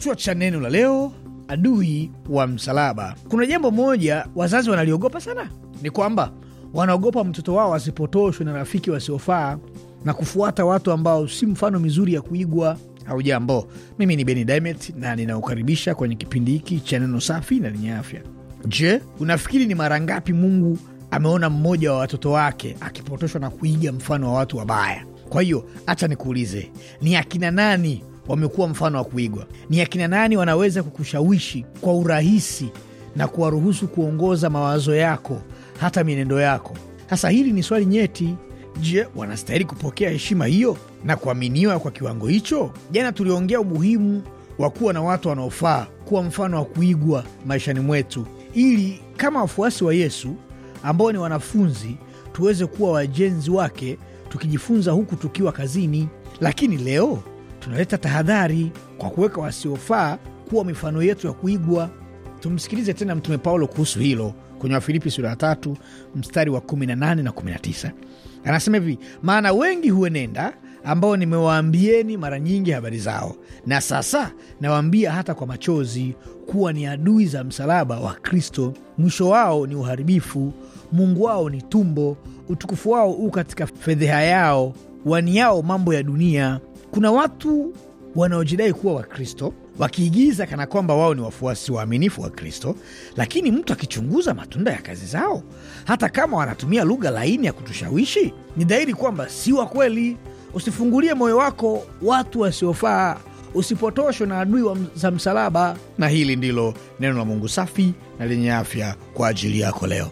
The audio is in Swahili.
Kichwa cha neno la leo: adui wa msalaba. Kuna jambo moja wazazi wanaliogopa sana, ni kwamba wanaogopa mtoto wao asipotoshwe na rafiki wasiofaa na kufuata watu ambao si mfano mizuri ya kuigwa. jambo mimi ni Beni Dimet na ninaokaribisha kwenye kipindi hiki cha neno safi na lenye afya. Je, unafikiri ni mara ngapi Mungu ameona mmoja wa watoto wake akipotoshwa na kuiga mfano wa watu wabaya? Kwa hiyo hata nikuulize, ni akina nani wamekuwa mfano wa kuigwa. Ni akina nani wanaweza kukushawishi kwa urahisi na kuwaruhusu kuongoza mawazo yako hata mienendo yako? Sasa hili ni swali nyeti. Je, wanastahili kupokea heshima hiyo na kuaminiwa kwa kiwango hicho? Jana tuliongea umuhimu wa kuwa na watu wanaofaa kuwa mfano wa kuigwa maishani mwetu, ili kama wafuasi wa Yesu ambao ni wanafunzi tuweze kuwa wajenzi wake, tukijifunza huku tukiwa kazini. Lakini leo tunaleta tahadhari kwa kuweka wasiofaa kuwa mifano yetu ya kuigwa. Tumsikilize tena Mtume Paulo kuhusu hilo kwenye Wafilipi sura ya tatu mstari wa 18 na 19, anasema hivi: maana wengi huenenda ambao nimewaambieni mara nyingi habari zao, na sasa nawaambia hata kwa machozi, kuwa ni adui za msalaba wa Kristo. Mwisho wao ni uharibifu, Mungu wao ni tumbo, utukufu wao huu katika fedheha yao, waniao mambo ya dunia kuna watu wanaojidai kuwa Wakristo wakiigiza kana kwamba wao ni wafuasi waaminifu wa Kristo, lakini mtu akichunguza matunda ya kazi zao, hata kama wanatumia lugha laini ya kutushawishi, ni dhahiri kwamba si wa kweli. Usifungulie moyo wako watu wasiofaa, usipotoshwe na adui za msalaba. Na hili ndilo neno la Mungu safi na lenye afya kwa ajili yako leo.